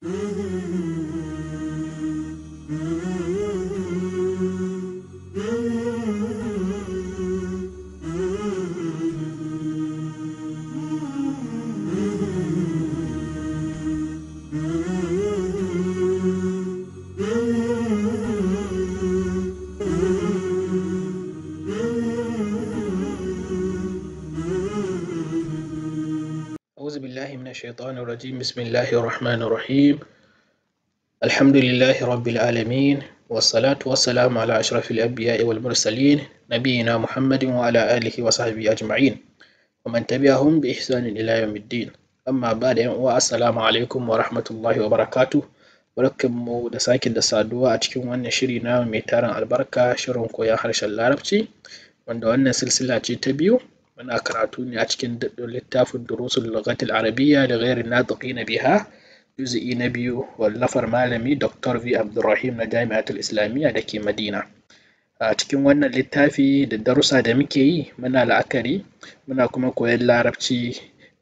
Mm-hmm. Mm-hmm. الشيطان الرجيم بسم الله الرحمن الرحيم الحمد لله رب العالمين والصلاة والسلام على أشرف الأنبياء والمرسلين نبينا محمد وعلى آله وصحبه أجمعين ومن تبعهم بإحسان إلى يوم الدين أما بعد والسلام عليكم ورحمة الله وبركاته barkanmu da sake da saduwa a cikin wannan shiri na mai tarin albarka shirin koyon harshen larabci wanda wannan silsila ce ta biyu muna karatu ne a cikin littafin durusul lughatil arabiyya da ghairi natiqina biha juz'i na biyu wallafar malami dr v abdulrahim na jami'atul islamiyya da ke madina a cikin wannan littafi da darussa da muke yi muna la'akari muna kuma koyon larabci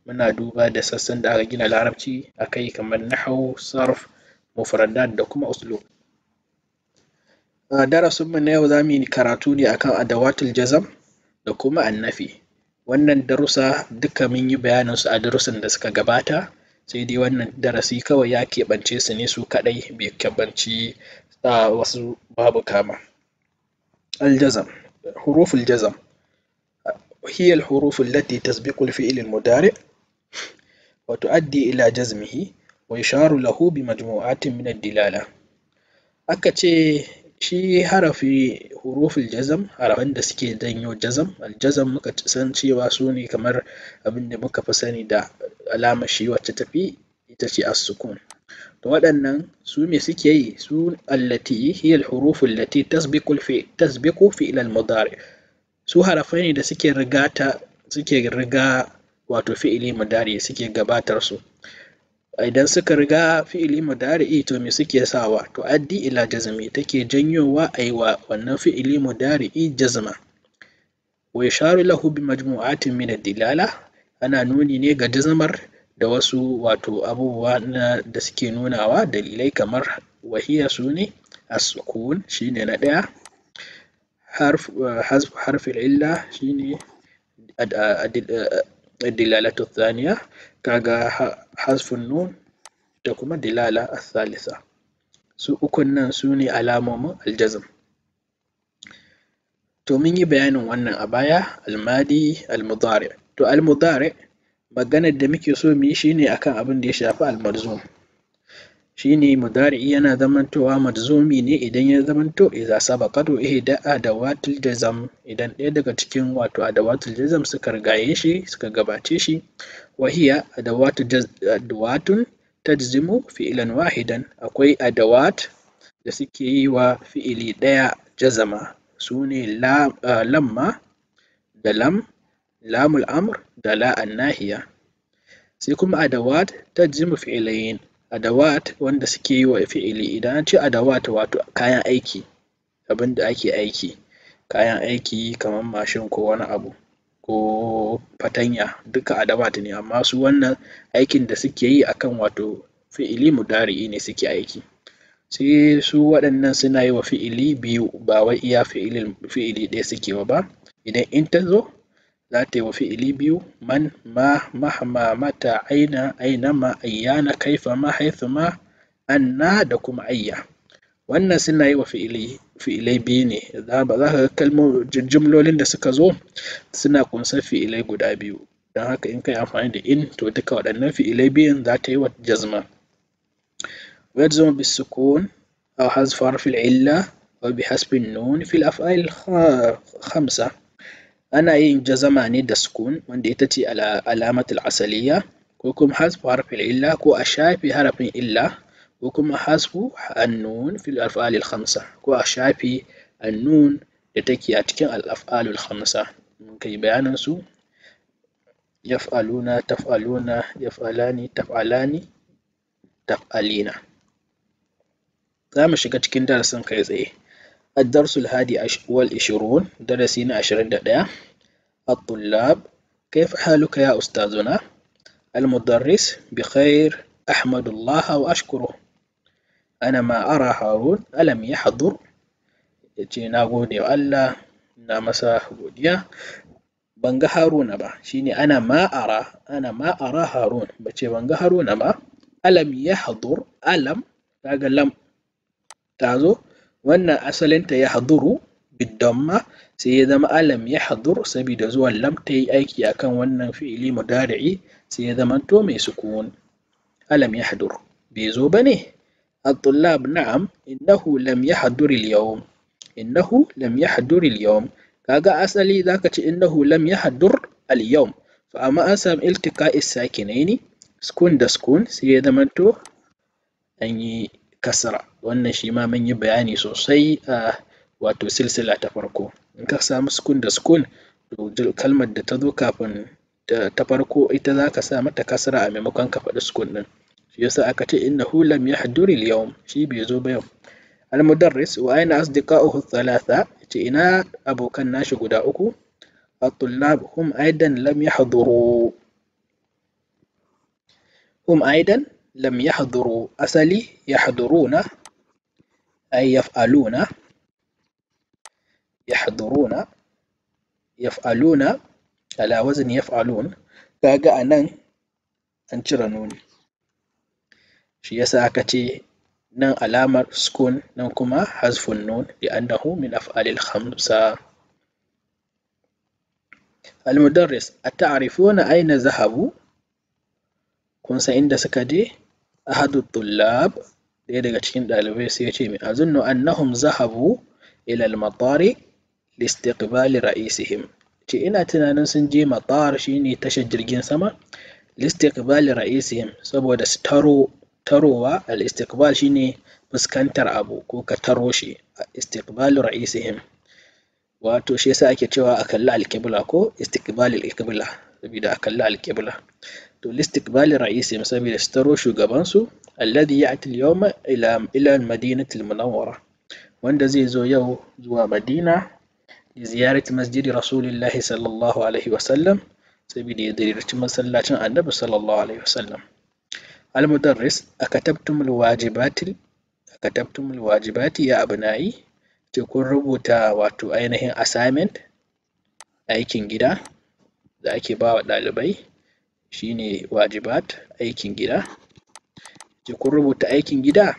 muna duba da sassan da aka gina larabci a kai kamar nahau sarf mufradat da kuma uslub darasinmu na yau za mu yi karatu ne akan adawatul jazam da kuma annafi wannan darussa duka mun yi bayanin su a darussan da suka gabata sai dai wannan darasi kawai ya keɓance su ne su kaɗai bai keɓanci wasu babu kama aljazam huruful jazam هي الحروف التي تسبق الفعل المضارع وتؤدي إلى جزمه ويشار له بمجموعات من الدلالة أكتي shi harafi huruful jazam harafin da suke janyo jazam aljazam muka san cewa su ne kamar abinda muka fi sani da alamar shi wacce tafi ita ce as-sukun to waɗannan su me suke yi su allati hiya al-huruf allati tasbiqu fi tasbiqu fi ila al-mudari su harafai ne da suke rigata suke riga wato fi'ili mudari suke gabatar su idan suka riga fi'ili mudari'i to me suke sawa to addi ila jazmi take janyowa a wa wannan fi'ili mudari'i jazma wa yasharu lahu bi majmu'atin min ad-dilala ana nuni ne ga jazmar da wasu wato abubuwa da suke nunawa dalilai kamar wahiya su ne as-sukun shine na daya harf eh, harf illa shine الدلالة الثانية kaga hasfun nun da kuma dilala Salisa, su ukunnan nan alamomin aljazm to mun yi bayanin wannan a baya almadi almudari to almudari maganar da muke so mu yi shine akan abin da ya shafi almalzum shine mudari'i yana zamantowa madzumi ne idan ya zamanto idza sabaqatu ihda adawatul jazm idan ɗaya daga cikin wato adawatul jazam suka rigaye shi suka gabace shi wa hiya adawatun tajzimu fi'lan wahidan akwai adawat da suke yi wa fi'ili ɗaya jazama sune lamma da lam lamul amr da la nahiya sai kuma adawat tajzimu fi'ilayin adawat wanda suke yi wa fi'ili idan an ce adawat wato kayan aiki abin da ake aiki kayan aiki kamar mashin ko wani abu ko fatanya duka adawat ne amma su wannan aikin da suke yi akan wato fi'ili mudari'i ne suke aiki sai su waɗannan suna yi wa fi'ili biyu ba wai iya fi'ilin fi'ili ɗaya suke ba idan in ta zo za ta yi wa fi'ili biyu man ma mahma mata aina aina ma ayyana kaifa ma haifa ma anna da kuma ayya wannan suna yi wa fi'ilai biyu ne ba za ka kalmo jimlolin da suka zo suna kunsar fi'ilai guda biyu don haka in ka yi amfani da in to duka waɗannan fi'ilai biyun za ta yi wa jazma ويجزم بالسكون a hasfar fil'illa wa bi hasfin nun fil'afa'il hamsa. ana yin jazama ne da sukun wanda ita ce alamatul asaliya ko kuma hasfu harfin illa ko a shafi harafin illa ko kuma hasfu annun fil af'alil khamsa ko a shafi annun da take a cikin al khamsa mun kai bayanin su yaf'aluna taf'aluna yaf'alani taf'alani taf'alina za mu shiga cikin darasin kai tsaye الدرس الهادي والعشرون درسين عشرين دقيقة الطلاب كيف حالك يا أستاذنا؟ المدرس بخير أحمد الله وأشكره أنا ما أرى هارون ألم يحضر؟ جينا يا ألا نمسا godiya ban هارون أبا شيني أنا ما أرى أنا ما أرى هارون Harun bace هارون أبا ألم يحضر ألم تاقل لم تازو وانا اصل انت يحضرو بالدمه سيدا ما لم يحضر سبيد زوال لم تي ايكي اكن وانا فعلي مدارعي سيدا ما انتو مي سكون الم يحضر بيزو بني الطلاب نعم انه لم يحضر اليوم انه لم يحضر اليوم كاغا اصلي ذاك انه لم يحضر اليوم فاما اسم التقاء الساكنين سكون دا سكون سيدا ما انتو اني kasra wannan shi ma mun yi bayani sosai a wato silsila ta farko in ka samu sukun da sukun to kalmar da ta zo kafin ta farko ita za ka sa mata kasra a maimakon ka faɗi sukun ɗin shi yasa aka ce innahu lam yahduri al-yawm shi bai zo ba yau al-mudarris wa aina asdiqa'uhu thalatha ce ina abokan nashi guda uku الطلاب هم أيضا لم يحضروا هم أيضا لم يحضروا أصلي يحضرون أي يفعلون يحضرون يفعلون على وزن يفعلون كاغا أنان أنشرنون شيسا أكتي نن ألامر سكون نانكما حذف النون لأنه من أفعال الخمسة المدرس أتعرفون أين ذهبوا كنسا عند سكدي ahadu tullab ɗaya daga cikin ɗalibai sai ya ce mai azunnu annahum zahabu ilal matari listiqbali ra'isihim ce ina tunanin sun je matar shine tashar jirgin sama listiqbali ra'isihim saboda su taro tarowa al-istiqbal shine fuskantar abu ko ka taro shi istiqbalu ra'isihim wato shi yasa ake cewa a kalli alƙibla ko istiqbalil alƙibla sabida a kalli alƙibla to listikbali ra'isihim saboda su taro shugabansu alladhi ya'ti al-yawma ila ila al wanda zai zo yau zuwa madina ziyarati masjidi rasulillahi sallallahu alaihi wasallam ya ziyarci masallacin annabi sallallahu alaihi wasallam al-mudarris akatabtum al-wajibati akatabtum al-wajibati ya abnayi ce kun rubuta wato ainihin asament aikin gida da ake ba wa ɗalibai shine wajibat aikin gida je kun rubuta aikin gida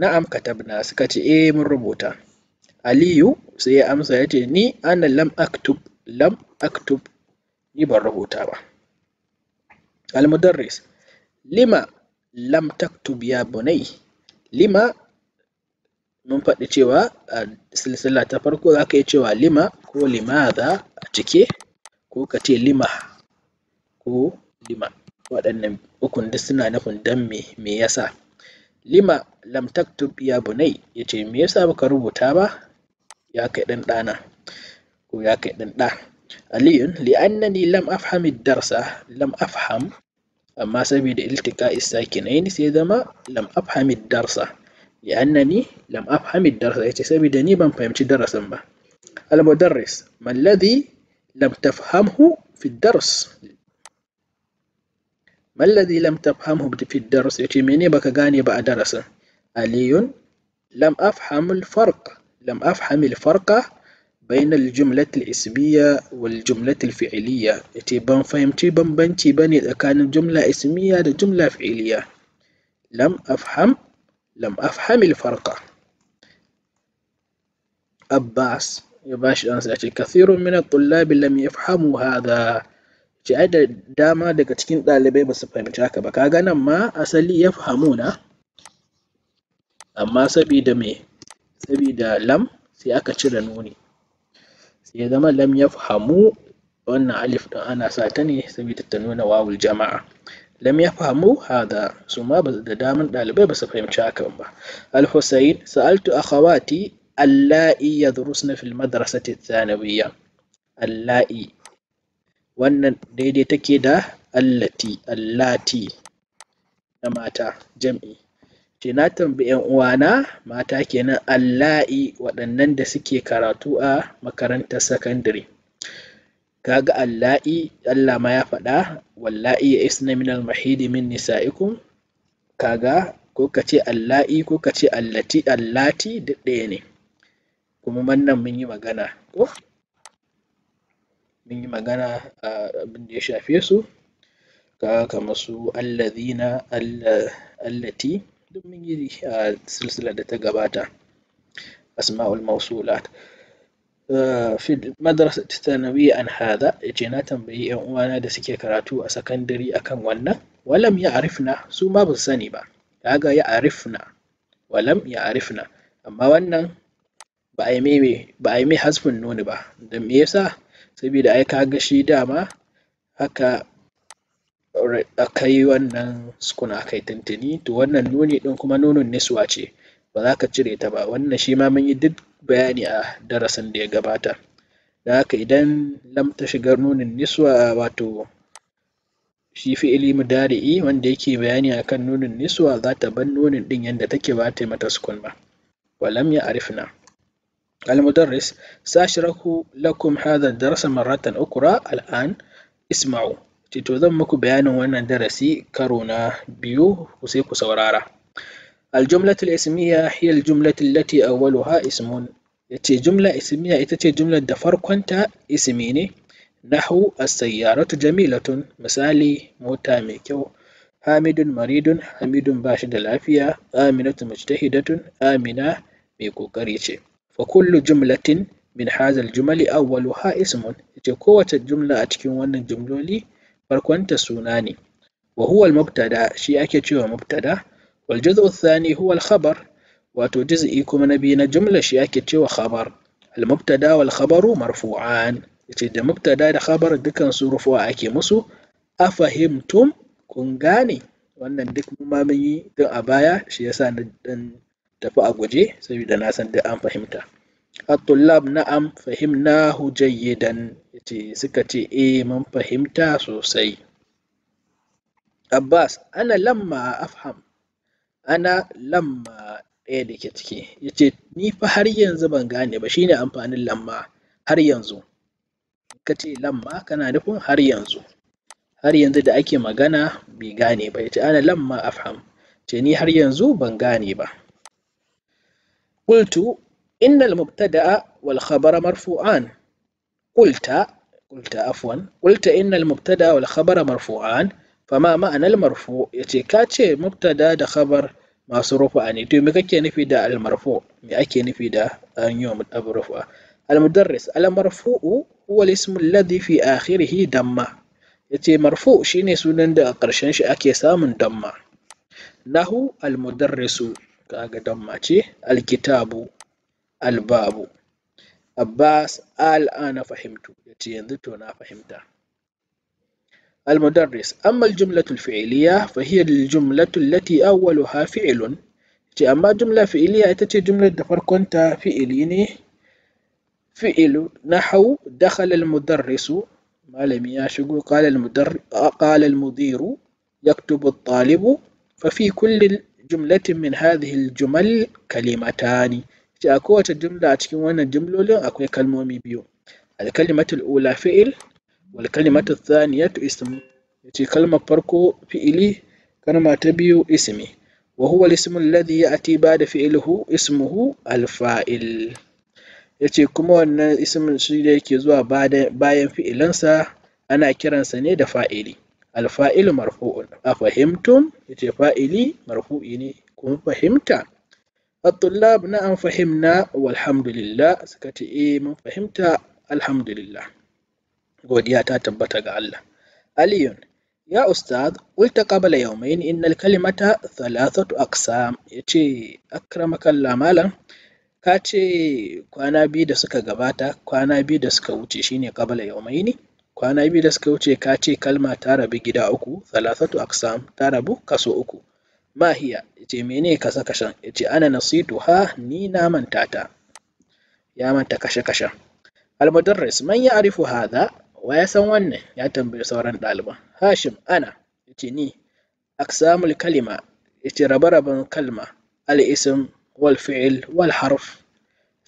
na'am katabna suka ce eh mun rubuta aliyu sai ya amsa ya ce ni ana lam aktub lam aktub ni ban rubuta ba almudarris lima lam taktub ya bunai lima mun faɗi cewa a silsila ta farko za ka yi cewa lima ko limada a cike ko ka ce lima ko lima waɗannan ukun duk suna nufin dan me me yasa lima lam taktub ya bunai yace me yasa baka rubuta ba ya kai dan dana ko ya kai dan da aliyun annani lam afham darsa lam afham amma saboda iltika isakinaini sai zama lam afham darsa li'annani lam afham darsa yace saboda ni ban fahimci darasin ba al-mudarris man lam tafhamhu في الدرس ما الذي لم تفهمه في الدرس يتي مني بك غاني بقى درس علي لم أفهم الفرق لم أفهم الفرق بين الجملة الاسمية والجملة الفعلية يتي بان فهمتي بان بنتي بني إذا كان الجملة اسمية ده جملة فعلية لم أفهم لم أفهم الفرق أباس يباشر أنسى كثير من الطلاب لم يفهموا هذا ce ai da dama daga cikin ɗalibai ba su fahimci haka ba kaga nan ma asali ya fahimu na amma sabida me saboda lam sai aka cire nuni sai ya zama lam ya fahimu wannan alif ɗin ana sa ta ne sabida ta nuna wawul jama'a lam ya fahimu hada su ma da daman ɗalibai ba su fahimci hakan ba al-husayn sa'altu akhawati allai yadrusna fil madrasati thanawiyya allai wannan daidai take da allati allati na mata jam'i ce na tambayi yan uwana mata kenan alla'i waɗannan da suke karatu a makarantar sakandare kaga alla'i Allah ma ya faɗa walla'i ya isna min almahidi min nisa'ikum kaga ko ka ce alla'i ko ka ce allati allati duk ɗaya ne kuma wannan mun yi magana ko mun yi magana a abin da ya shafe su kaga kamar su allazina allati duk mun yi a silsila da ta gabata asma'ul mausulat في ah, an hada عن هذا na tambayi yan uwana da suke karatu a sakandare akan wannan walam ya arifna su ma ba su sani ba kaga ya arifna walam ya arifna amma wannan ba a yi mai hasfin nuni ba da me yasa sabida ai ka ga shi dama haka aka kai wannan sukuna kai yi tuntuni to wannan nuni ɗin kuma nunin niswa ce ba za ka cire ta ba wannan shi ma mun yi duk bayani a darasin da ya gabata da haka idan lam ta shiga nunin niswa wato shi fi'ili mudari'i wanda yake bayani akan nunin niswa za ta bar nunin ɗin yadda take ba ta yi mata sukun ba walam ya arifna Al-Motaris المدرس سأشرح لكم هذا الدرس مرة أخرى الآن اسمعوا to zan muku bayanin wannan darasi karo na biyu ku sai ku saurara الجملة الاسمية هي الجملة التي أولها اسم yace jumla ismiya ita ce jumlar da farkonta ismi ne nahu as-sayyaratu jamilatun misali mota mai kyau hamidun maridun hamidun bashi da lafiya aminatu mujtahidatun amina mai ƙoƙari ce fa kullu jumlatin min hazal jumali ha ismun yace kowace jumla a cikin wannan jumloli farkonta suna ne wa huwa al-mubtada shi ake cewa mubtada wal juz'u ath-thani huwa al wato juz'i kuma na biyu na jumla shi ake cewa khabar al-mubtada wal khabaru marfu'an yace da mubtada da khabar dukan su rufu'a ake musu a afahimtum kun gane wannan duk ma mun yi don a baya shi yasa na dan tafi a guje saboda na san da an fahimta at-tullab na'am fahimnahu jayyidan yace suka ce eh mun fahimta sosai Abbas ana lamma afham ana lamma ɗaya da ke ciki yace ni fa har yanzu ban gane ba shine amfanin lamma har yanzu ka ce lamma kana nufin har yanzu har yanzu da ake magana bai gane ba yace ana lamma afham ce ni har yanzu ban gane ba قلت إن المبتدأ والخبر مرفوعان قلت قلت عفوا قلت إن المبتدأ والخبر مرفوعان فما معنى المرفوع يتكاتش مبتدأ ده خبر ما صرف عني تو في دا المرفوع مي أكيني في دا يوم الأبرفوع المدرس المرفوع هو الاسم الذي في آخره دمه يتي مرفوع شيني سنن دا قرشنش أكي سامن دمه نهو المدرس كاغتم ماشي الكتاب الباب albabu آل انا فهمت yace yanzu انا فهمت المدرس أما الجملة الفعلية فهي الجملة التي أولها فعل تي أما جملة فعلية تتي جملة دفر كنت فعليني فعل نحو دخل المدرس ما لم يشجو قال المدر قال المدير يكتب الطالب ففي كل jumlatin min hadhihi al ne. kalimatani ce a kowace jumla a cikin wannan jumlolin akwai kalmomi biyu al-kalimatul ula fi'il wal kalimatul thaniyatu ism yace kalmar farko fi'ili kalma ta biyu ismi wa huwa al-ismu alladhi ya'ti ba'da fi'lihi ismuhu alfa'il. yace kuma wannan ismin shi da yake zuwa bayan fi'ilansa ana kiransa ne da fa'ili alfa'il marfu'un fahimtun? yace fa'ili marfu'i ne kuma fahimta at-tullab na an fahimna walhamdulillah suka ce eh mun fahimta alhamdulillah godiya ta tabbata ga Allah aliyun ya ustaz ulta qabla yawmayn innal kalimata thalathatu aqsam yace akramakallah malam ka ce kwana biyu da suka gabata kwana biyu da suka wuce shine ƙabala yaumaini. Kwana biyu da suka wuce ka ce kalma ta rabu gida uku, salasatu aksam ta rabu kaso uku. Mahiya ce mene kasa kashen, ce ana nasitu ha ni na manta ta. Ya manta kashe kashe Almudarris man ya arifu hadha wa ya san wannan ya tambayi sauran ɗaliban. Hashim ana ya ce ni aksamul kalima ya ce rabe-raben kalma al isim wal fi'il wal harf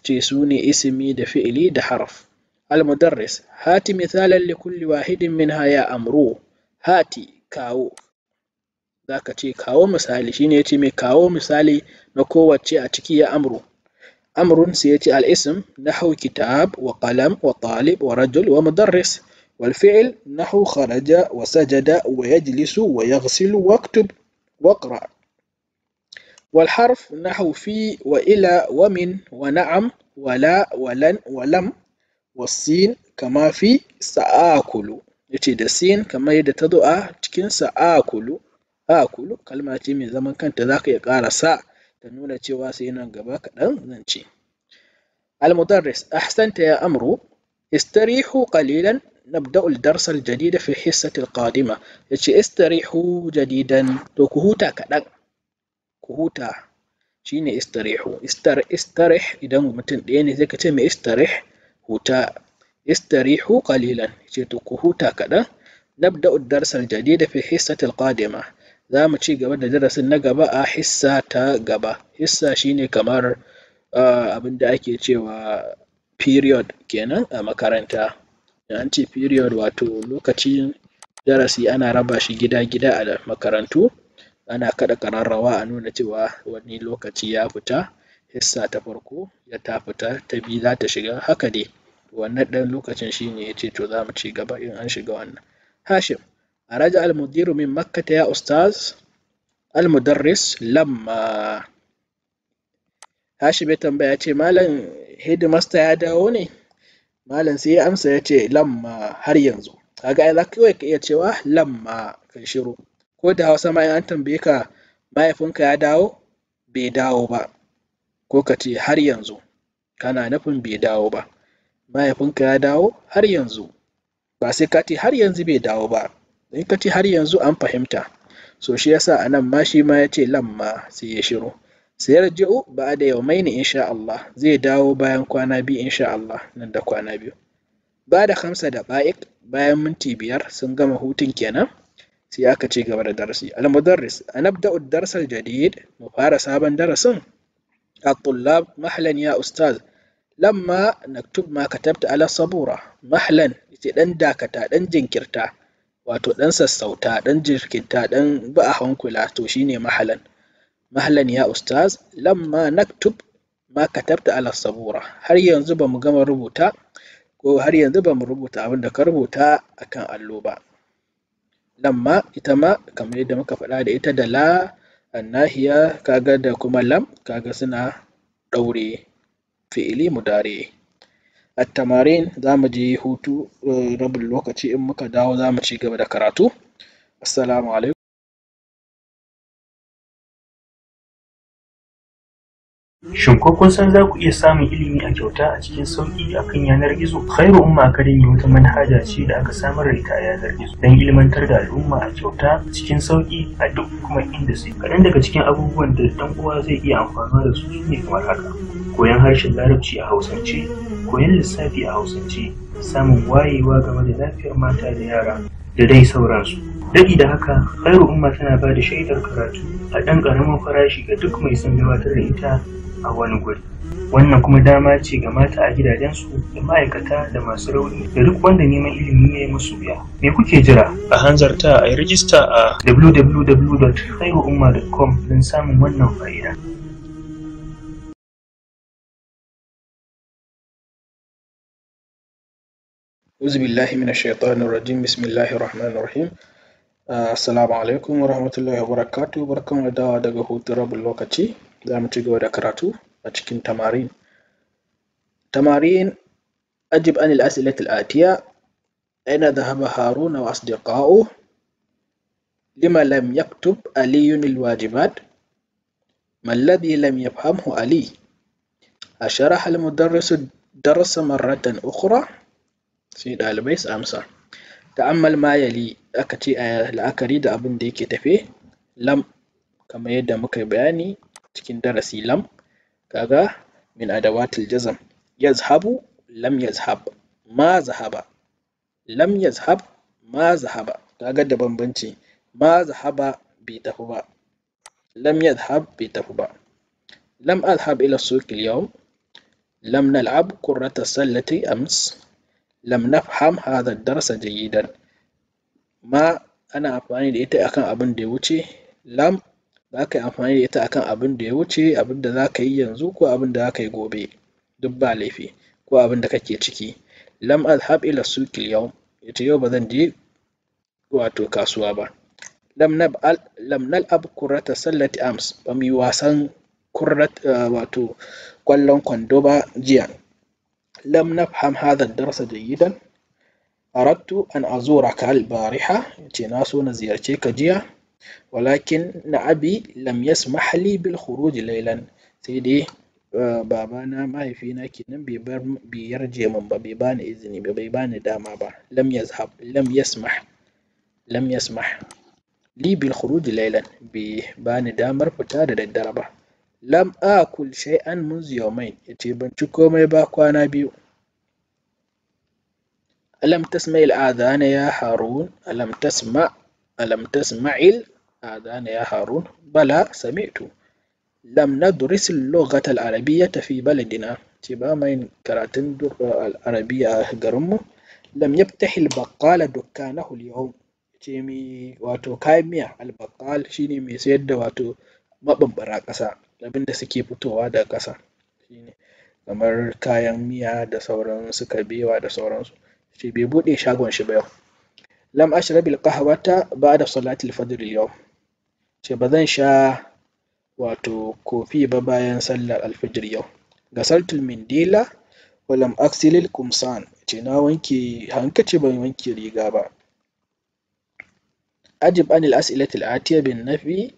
ce su ne isimi da fi'ili da harf. المدرس هاتي مثالا لكل واحد منها يا أمرو هاتي كاو ذاك تي كاو مثالي شيني تي مي كاو مثالي نكو تي أتكي يا أمرو أمر سيتي الاسم نحو كتاب وقلم وطالب ورجل ومدرس والفعل نحو خرج وسجد ويجلس ويغسل واكتب واقرأ والحرف نحو في وإلى ومن ونعم ولا ولن ولم wasin kama fi sa'akulu yace da sin kamar yadda ta zo a cikin sa'akulu akulu kalma ce mai zaman kanta zaka iya ƙara sa ta nuna cewa sai nan gaba kaɗan zan ce المدرس أحسنت يا أمرو استريحوا قليلا نبدأ الدرس الجديد في الحصة القادمة يتشي استريحوا جديدا تو كهوتا كدك كهوتا شيني استريحوا استر استرح إذا متن يعني زي كتير استرح huta istarihu qalilan ce to ku huta kaɗan nabda ad-darsal jadida fi hissatil qadima za mu ci gaba da darasin na gaba a hissa ta gaba hissa shine kamar abin da ake cewa period kenan a makaranta an ce period wato lokacin darasi ana raba shi gida-gida a makarantu ana kada kararrawa a nuna cewa wani lokaci ya fita hissa ta farko ya ta fita ta biyu za ta shiga haka dai wannan ɗan lokacin shine ya ce to za mu ci gaba in an shiga wannan hashim a raja almudiru min makkata ya ustaz almudarris lamma hashim ya tambaya ce malam hidimasta ya dawo ne malam sai ya amsa ya ce lamma har yanzu kaga ai za kawai ka iya cewa lamma kai shiru ko da hausa ma an tambaye ka mahaifinka ya dawo bai dawo ba ko ka ce har yanzu kana nufin bai dawo ba mahaifinka ya dawo har yanzu ba sai kati har yanzu bai dawo ba in ka har yanzu an fahimta so shi yasa a nan ma shi ma ya ce lamma sai ya shiru sai yarji'u ba da mai ne insha Allah zai dawo bayan kwana biyu insha Allah nan da kwana biyu ba da hamsa da ba'ik bayan minti biyar sun gama hutun kenan sai aka ci gaba da darasi al-mudarris anabda'u ad-dars al-jadid mu fara sabon darasin at-tullab mahlan ya ustaz lamma naktub ma katabta ala sabura mahlan ita ɗan dakata ɗan jinkirta wato ɗan sassauta ɗan jirkinta ɗan ba a hankula to shine mahlan mahlan ya ustaz lamma naktub ma katabta ala sabura har yanzu ba mu gama rubuta ko har yanzu ba mu rubuta abin da ka rubuta akan allo ba lamma ita ma kamar yadda muka faɗa da ita da la annahiya kaga da kuma lam kaga suna ɗaure fi'ili mudari at za mu je hutu eh, rabin lokaci in muka dawo za mu ci gaba da karatu assalamu alaikum Shin ko kun san za ku iya samun ilimi a kyauta a cikin sauƙi a kan yanar gizo? Khairu Umma Academy wata manhaja ce da aka samar da ita a yanar gizo don ilimantar da al'umma a kyauta cikin sauƙi a duk kuma inda su. Kaɗan daga cikin abubuwan da ɗan uwa zai iya amfana da su ne kamar haka. Koyan harshen larabci a hausance koyon lissafi a hausance samun wayewa game da lafiyar mata da yara da dai sauransu daɗi da haka khairu umma tana ba da shaidar karatu a ɗan ƙaramin farashi ga duk mai son gabatar da ita a wani guri wannan kuma dama ce ga mata a gidajensu da ma'aikata da masu rauni da duk wanda neman ilimi ya yi musu biya me kuke jira a hanzarta a yi rijista a www.khairuumma.com don samun wannan fa'ida أعوذ بالله من الشيطان الرجيم بسم الله الرحمن الرحيم آه، السلام عليكم ورحمة الله وبركاته بركم لدى دقه تراب الوقتي دعم تقوى دكراتو أتكين تمارين تمارين أجب أن الأسئلة الآتية أين ذهب هارون وأصدقاؤه لما لم يكتب علي الواجبات ما الذي لم يفهمه علي أشرح المدرس الدرس مرة أخرى sai dalibai su amsa ta'ammal ma yali aka ce a la'akari da abin da yake tafe lam kamar yadda muka bayani cikin darasi lam kaga min adawatil jazm yazhabu lam yazhab ma zahaba lam yazhab ma zahaba kaga da bambanci ma zahaba bai tafi ba lam yazhab bai tafi ba lam azhab ila suq al yawm lam nal'ab qurrata sallati ams lam nafham hadha darsa jayidan ma ana amfani da ita akan abin da ya wuce lam za ka yi amfani da ita akan abin da ya wuce abin da za ka yi yanzu ko abin da za ka yi gobe duk ba laifi ko abin da kake ciki lam azhab ila ita yau ba zan je wato kasuwa ba lam nab'al lam nal'ab kurrata sallati ams ba mu yi wasan kurrat eh, wato kwallon kwando ba jiya لم نفهم هذا الدرس جيدا أردت أن أزورك البارحة تناسون زيارتك جيا ولكن أبي لم يسمح لي بالخروج ليلا سيدي آه، بابانا ما يفينا كنن بيرجع من بابيبان إذني بابيبان داما با لم يذهب لم يسمح لم يسمح لي بالخروج ليلا بيبان دامر بتارد الدربة Lam akul shay'an منذ yawmain yace ban ci komai ba kwana biyu. Alam tasma il adana ya Harun alam tasma alam adana ya Harun bala sami'tu lam nadris al-lughata al arabiyya fi baladina ce ba mai karatun al-arabiyya a garinmu lam yaftah al baqala dukkanahu al-yawm ce mi wato kayan miya al baqal shine mai sayar da wato mabambara ƙasa abin da suke fitowa daga ƙasa shine kamar kayan miya da sauran su kabewa da sauransu shi bai buɗe shagon shi ba yau lam ashrabil qahwata ba'da salati al-fajr yau ce ba zan sha wato kofi ba bayan sallar alfijir yau gasaltul mindila walam aksilil kumsan ce na wanke hankaci ban wanke riga ba ajib anil as'ilatil atiya bin nafi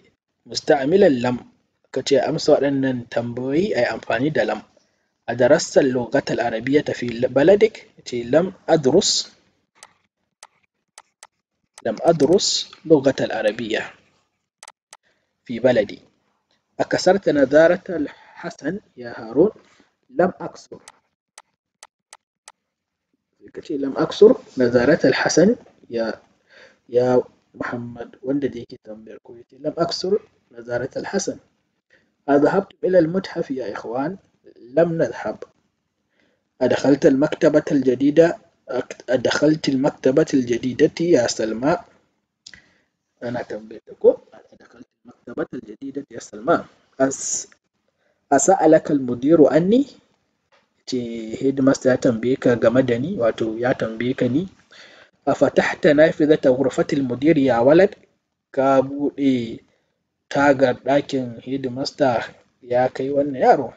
musta'milan lam kace amsa waɗannan tambayoyi ayi amfani da lam a darastar lugat al-arabiyya fi baladik ce lam adrus lam adrus lugat al-arabiyya في بلدي أكسرت نظارة الحسن يا هارون لم أكسر كتير لم أكسر نظارة الحسن يا يا محمد وندي كي تنبير لم أكسر نظارة الحسن أذهبت إلى المتحف يا إخوان لم نذهب أدخلت المكتبة الجديدة أدخلت المكتبة الجديدة يا سلمى أنا بيتكم أدخلت المكتبة الجديدة يا سلمى أس أسألك المدير أني هيدماستر ya tambaye بيكا جمدني da ياتم بيكني أفتحت نافذة غرفة المدير يا ولد كابو إيه tagar ɗakin hidimasta ya kai wannan yaro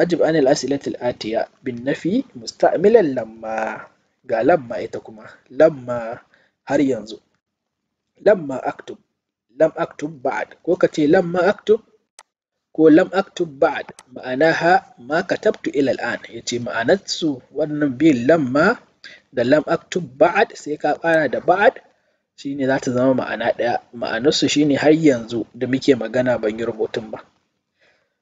ajib anil asilatil atiya bin nafi musta'milan lamma ga lamma ita kuma lamma har yanzu lamma aktub lam aktub ba'ad ko ka ce lamma aktub ko lam aktub ba'ad ma'ana ha ma katabtu ila al'an yace ma'anar su wannan bi lamma da lam aktub ba'ad sai ka ƙara da ba'ad shine za ta zama ma'ana ɗaya ma'anarsu shine har yanzu da muke magana ban yi rubutun ba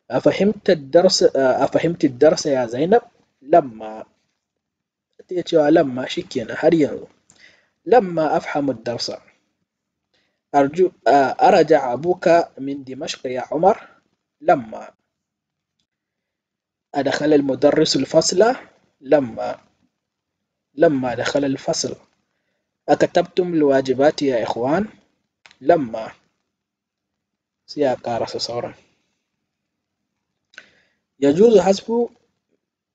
a fahimtar darsa ya zainab lamma ta cewa lamma shikenan har yanzu lamma afhamu darsa arju araja abuka min dimashq ya umar lamma أدخل almudarris alfasla lamma لما دخل الفصل أكتبتم الواجبات يا إخوان لما sai a ƙarasa sauran yajuzu hasbu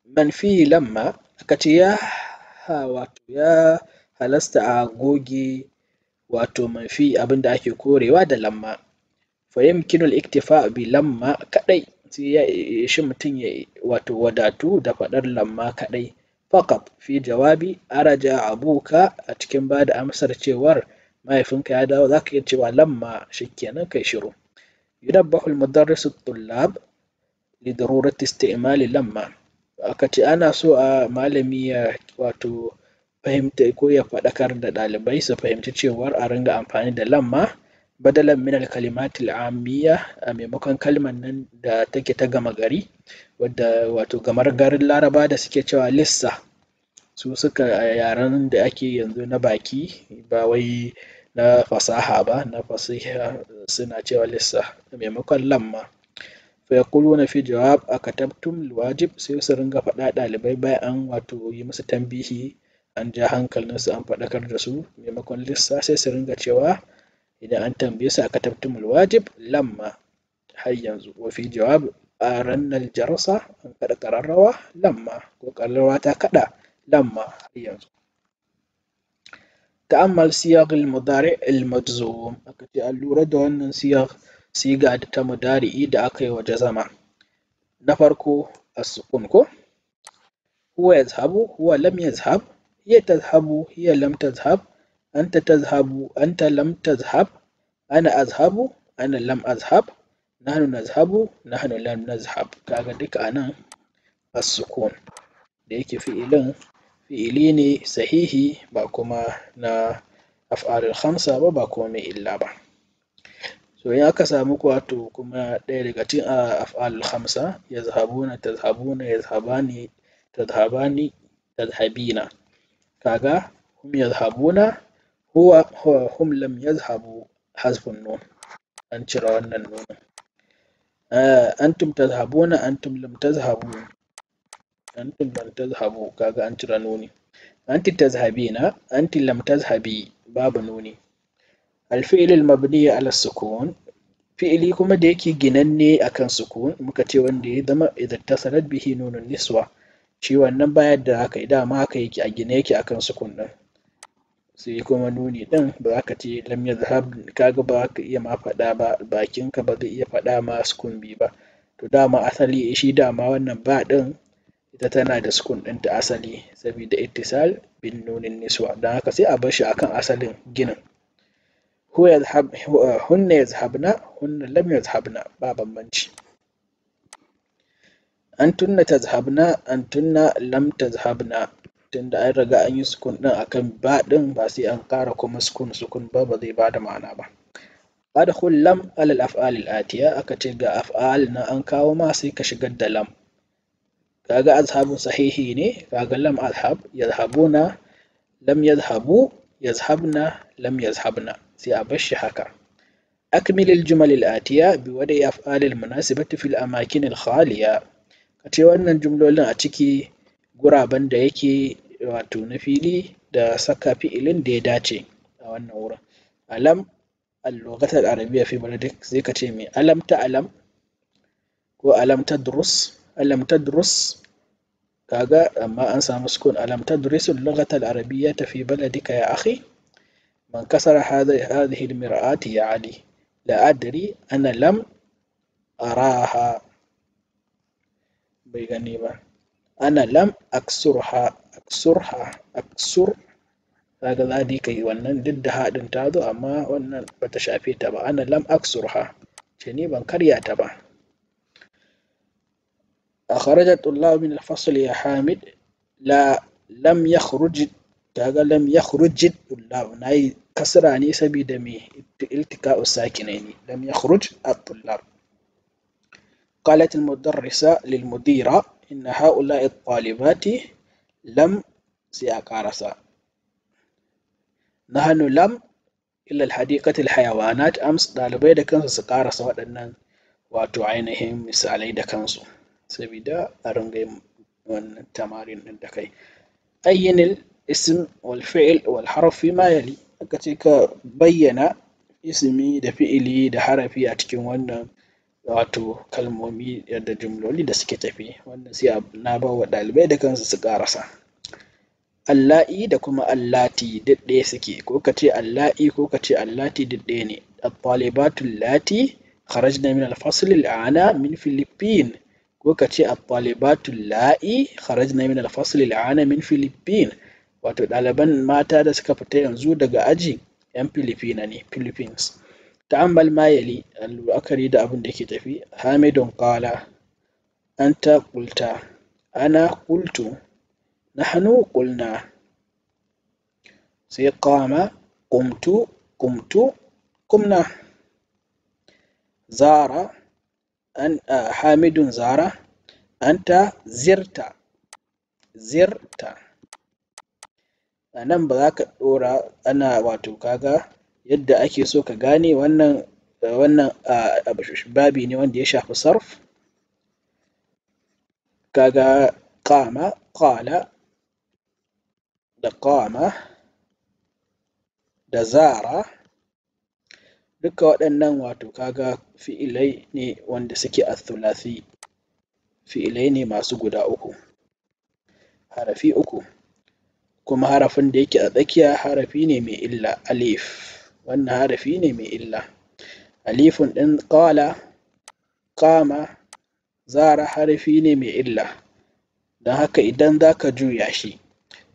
man fi lamma aka ce ya ha halasta a goge wato man fi abinda ake korewa da lamma fa yumkinu al-iktifa bi lamma kaɗai, sai ya ishi mutum ya wato wadatu da faɗar lamma kaɗai. Fakat fi jawabi araja abuka a cikin ba da amsar cewar mahaifinka ya dawo zaka iya cewa lamma shikenan kai shiru. Yudabbahu al tullab li darurati isti'mali lamma aka ce ana so a malami ya wato fahimta ko ya faɗakar da ɗalibai su fahimci cewar a ringa amfani da lamma badalan min kalimatil amiya a maimakon kalman nan da take ta gama gari wadda wato gamar garin laraba da suke cewa lissa su suka yaren da ake yanzu na baki ba wai na fasaha ba na fasaha suna cewa lissa a maimakon lamma na fi jawab a katabtum wajib sai su ringa faɗa ɗalibai bayan an wato yi musu tambihi an ja hankalinsu an faɗakar da su maimakon lissa sai su ringa cewa idan an tambaye su aka tabtumul wajib lamma har yanzu wa fi jawab arannal jarasa, an kada kararrawa lamma ko kararrawa ta kada lamma har yanzu ta'ammal siyaq al-mudari al-majzum aka ce an lura da wannan siyaq siga ta mudari'i da aka yi wa jazama na farko as-sukun ko huwa yazhabu huwa lam yazhab hiya tazhabu hiya lam tazhab anta tazhabu anta lam tazhab ana azhabu ana lam azhab nahnu nazhabu nahnu lam nazhab kaga duka anan as-sukun da yake fi'ilin fi'ili ne sahihi ba kuma na af'alul khamsa ba ba kuma mai illa ba so in aka samu kwato kuma ɗaya daga cikin af'alul khamsa yazhabuna tazhabuna yazhabani tazhabani tazhabina kaga hum yazhabuna huwa hum lam yazhabu hazfun nun an cire wannan nunin eh, antum tazhabuna antum lam tazhabun antum lam tazhabu kaga an cire nuni anti tazhabina anti lam tazhabi babu nuni alfi'il mabni ala sukun fi'ili kuma da yake ginanne akan sukun muka ce wanda ya zama idza tasarat bihi nunun niswa shi wannan bayar da haka ma haka yake a gine yake akan sukun din sai kuma nuni ɗin, ba za ka ce lam Ka ga ba ka iya ma faɗa ba bakinka ba zai iya faɗa ma sukun bi ba to dama asali shi dama wannan ba din ita tana da sukun din ta asali sabida ittisal bin nunin niswa don haka sai a bar shi akan asalin ginin hu yadhhab eh, hunna yadhhabna hunna lam yadhhabna ba bambanci antunna tadhhabna antunna lam tadhhabna tunda an riga an yi sukun ɗin akan ba ɗin ba sai an ƙara kuma sukun sukun ba ba zai bada ma'ana ba adkhul lam alal af'alil atiya aka ce ga af'al na an kawo ma sai ka shigar da lam kaga azhabu sahihi ne kaga lam azhab yazhabuna lam yazhabu yazhabna lam yazhabna sai a bar shi haka أكمل الجمل الآتية بوضع أفعال المناسبة khaliya Ka ce wannan jumlolin a ciki. guraben da yake wato na fili da saka fi'ilin da ya dace a wannan wurin alam al Arabiya arabiyya fi baladik sai ka ce mai alam ta alam ko alam ta durus alam ta durus kaga amma an samu sukun alam ta durusul lughatal Arabiya ta fi baladika ya akhi man kasara hadhihi al-mir'ati ya ali la adri ana lam araha bai gani ba أنا لم أكسرها أكسرها أكسر هذا ذادي كي ونن ضد هاد انتادو أما ونن بتشافي تبا أنا لم أكسرها شني بنكريا تبا أخرج الطلاب من الفصل يا حامد لا لم يخرج كاغا لم يخرج الطلاب ناي كسراني سبي دمي التقاء الساكنين لم يخرج الطلاب قالت المدرسة للمديرة inna ha'ula'i talibati lam sai a ƙarasa na hannu lam ilal hadikatil hayawanat ams ɗalibai da kansu su ƙarasa waɗannan wato ainihin misalai da kansu sabida a ringa wannan tamarin ɗin da kai ayyinil isim wal fi'il wal harfi ma yali aka ce ka bayyana ismi da fi'ili da harafi a cikin wannan wato kalmomi da jumloli da suke tafi wannan sai na ba wa ɗalibai da kansu su ƙarasa alla'i da kuma allati duk ɗaya suke ko ka ce alla'i ko ka ce allati duk ɗaya ne at-talibatul lati kharajna min al-fasl al-ana min philippine ko ka ce at-talibatul la'i kharajna min al-fasl al-ana min philippine wato ɗaliban mata da suka fita yanzu daga aji 'yan filipina ne philippines ta'ammal ma yali la'akari da abin da ke tafi hamidun qala anta qulta ana qultu nahnu qulna sai qama qumtu qumtu hamidun zara anta zirta zirta a nan ba za ka ɗora ana wato ga. yadda ake so ka gane wannan eh, wannan babi ne wanda ya shafi sarf kaga kama, qala da kama da zara duka waɗannan wato kaga fi'ilai ne wanda suke thulathi fi'ilai ne masu guda uku harafi uku kuma harafin da yake a tsakiya harafi ne mai illa alif wannan harafi ne mai illa alifun ɗin ƙwala ƙama zara harafi ne mai illa don haka idan za ka juya shi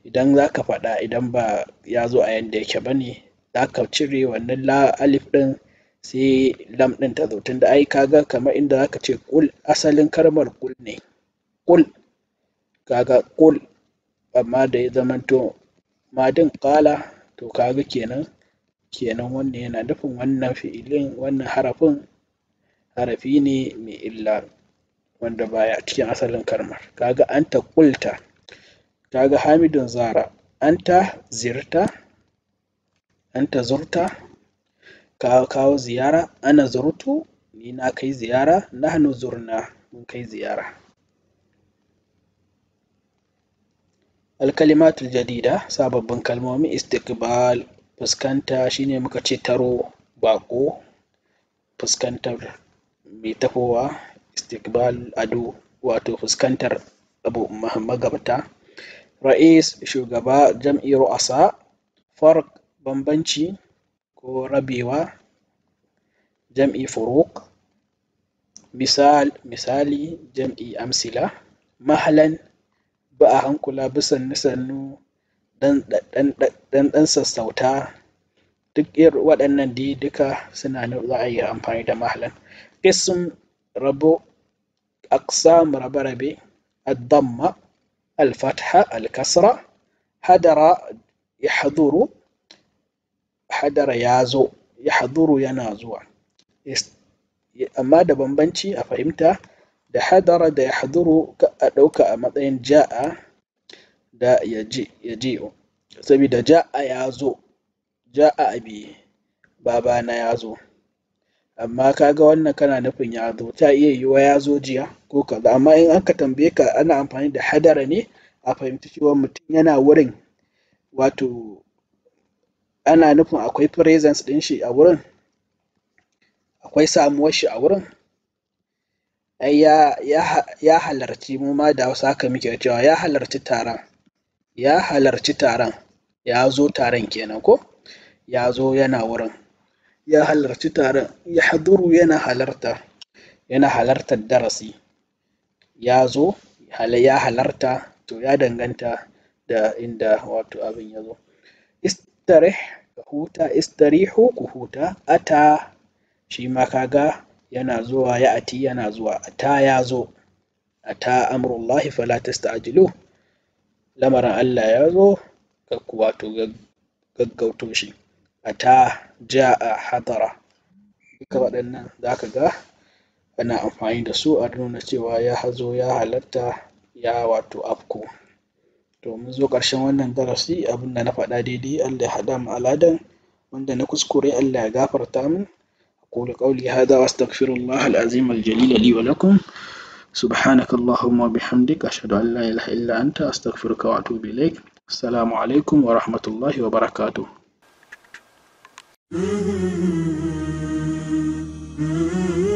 idan za ka faɗa idan ba ya zo a yadda yake ba ne za ka cire wannan alif ɗin sai lam ɗin ta zo tun tunda ai kaga kamar inda za ka ce kul asalin karmar kul ne kul kaga kul amma da ya zamanto madin ƙala to kaga kenan kenan wannan yana nufin wannan fi'ilin wannan harafin harafi ne mai illa wanda baya cikin asalin kalmar kaga anta kulta kaga hamidun zara anta zirta anta zurta ka kawo ziyara ana zurtu ni na kai ziyara nahnu zurna mun kai ziyara alkalimatul jadida sababbin kalmomi istiqbal fuskanta shine muka ce taro baƙo fuskantar mai tafowa istikbal ado wato fuskantar abu magabata ra'is shugaba jam'i ru'asa fark bambanci ko rabewa jam'i furuk misal misali jam'i amsila mahalan ba a hankula bisannu sannu dan dan sassauta duk irin waɗannan di duka suna nan za a yi amfani da mahalan ism rabu aqsam ad-damma al-fatha al-kasra hadara yahduru hadara yazo yahduru yana zuwa amma da bambanci a fahimta da hadara da yahduru ka dauka a matsayin ja'a da yaje yaji'u saboda ja'a ya zo ja'a abi babana ya zo amma kaga wannan kana nufin ya zo ta iya yiwuwa ya zo jiya ko kaza amma in aka tambaye ka ana amfani da hadara ne a fahimci cewa mutum yana wurin wato ana nufin akwai presence din shi a wurin akwai samuwar shi a wurin ai ya ya halarci mu ma da wasu haka muke cewa ya halarci taron ya halarci taron ya zo taron kenan ko ya zo yana wurin ya halarci taron ya haduru yana halarta yana halartar darasi ya zo ya halarta to ya danganta da inda wato abin ya zo istarih huta istarihu ku huta ata shi ma kaga yana zuwa ya ati yana zuwa ata ya zo ata amrullahi fala tasta'jilu lamarin Allah ya zo wato gaggauto shi ja a hadara duka waɗannan za ka ga ana amfani da su a nuna cewa ya hazo ya halatta ya wato afko to mun zo ƙarshen wannan darasi abin da na faɗa daidai Allah ya haɗa mu aladan wanda na kuskure Allah ya gafarta min أقول قولي هذا وأستغفر الله العظيم الجليل لي ولكم سبحانك اللهم وبحمدك أشهد أن لا إله إلا أنت أستغفرك وأتوب إليك السلام عليكم ورحمة الله وبركاته Mm-hmm. mm-hmm.